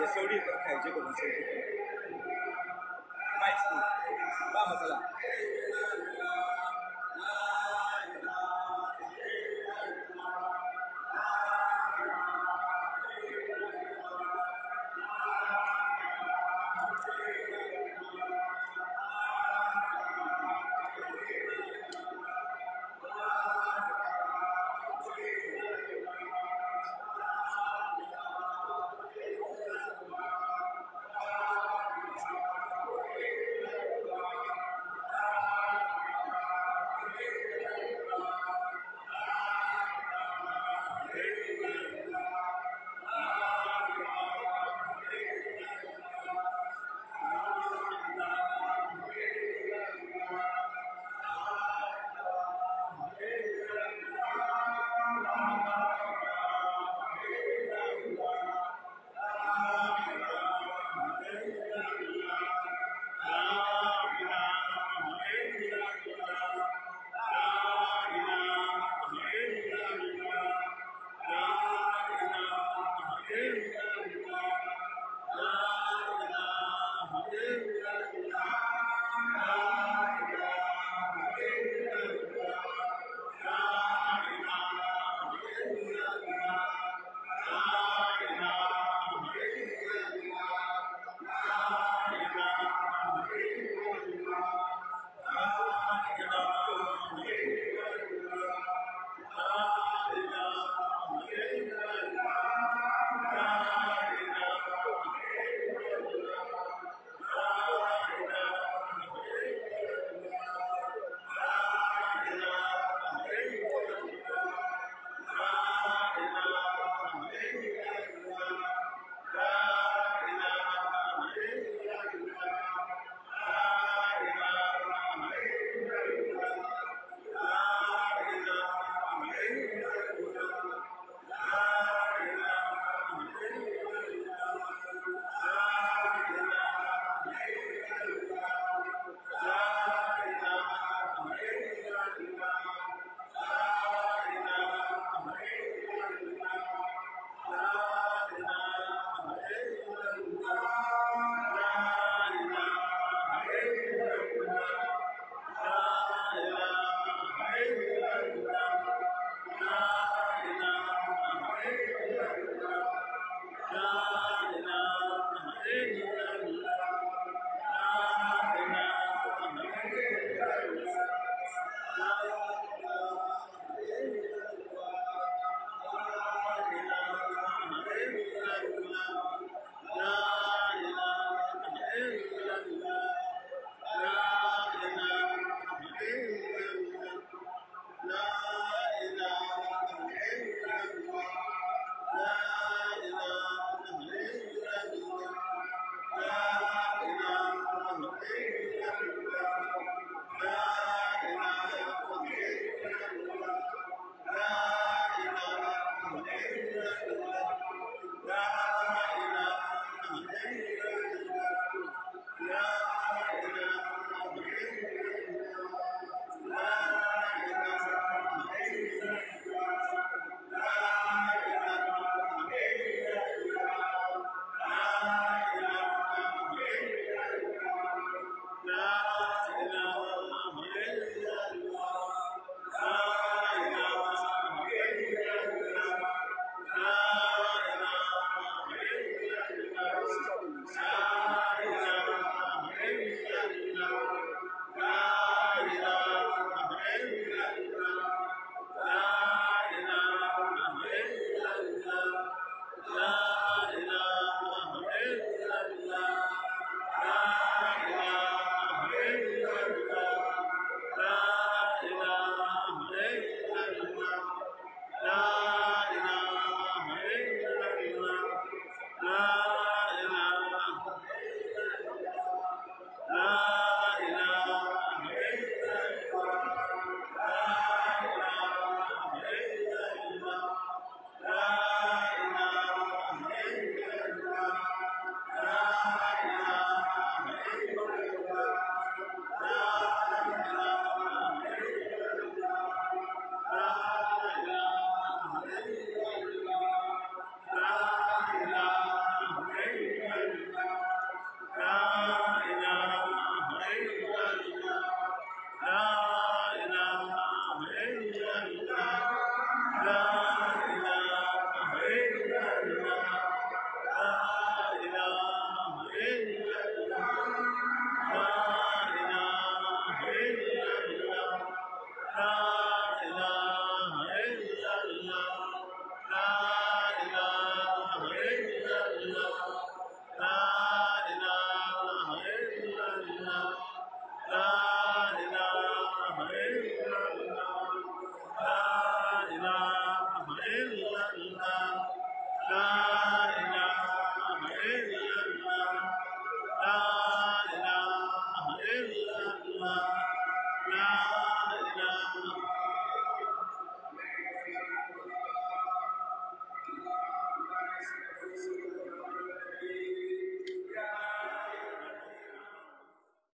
ya sauri ya ɗauka ya je gaban matsala.